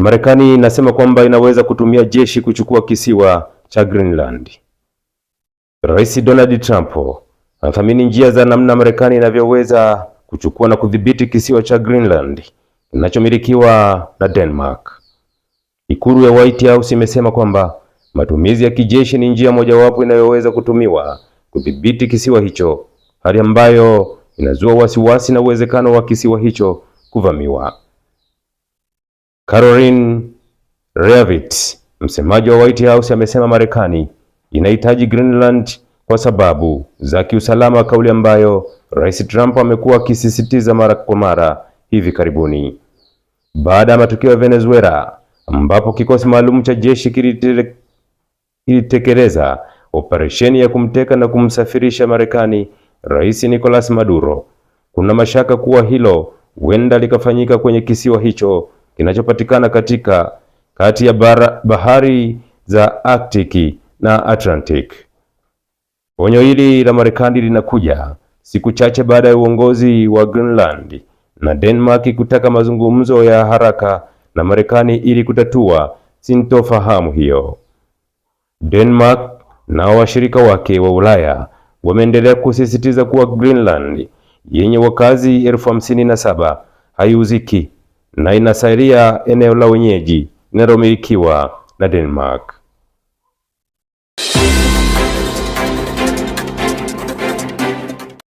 Marekani inasema kwamba inaweza kutumia jeshi kuchukua kisiwa cha Greenland. Rais Donald Trump anathamini njia za namna Marekani inavyoweza kuchukua na kudhibiti kisiwa cha Greenland kinachomilikiwa na Denmark. Ikulu ya White House imesema kwamba matumizi ya kijeshi ni njia mojawapo inayoweza kutumiwa kudhibiti kisiwa hicho, hali ambayo inazua wasiwasi na uwezekano wa kisiwa hicho kuvamiwa. Caroline Leavitt, msemaji wa White House, amesema Marekani inahitaji Greenland kwa sababu za kiusalama, kauli ambayo Rais Trump amekuwa akisisitiza mara kwa mara hivi karibuni, baada ya matukio ya Venezuela ambapo kikosi maalum cha jeshi kilitekeleza operesheni ya kumteka na kumsafirisha Marekani Rais Nicolas Maduro. Kuna mashaka kuwa hilo huenda likafanyika kwenye kisiwa hicho kinachopatikana katika kati ya bahari za Arctic na Atlantic. Onyo hili la Marekani linakuja siku chache baada ya uongozi wa Greenland na Denmark kutaka mazungumzo ya haraka na Marekani ili kutatua sintofahamu hiyo. Denmark na washirika wake wa Ulaya wameendelea kusisitiza kuwa Greenland yenye wakazi elfu hamsini na saba haiuziki na inasairia eneo la wenyeji linalomilikiwa na Denmark.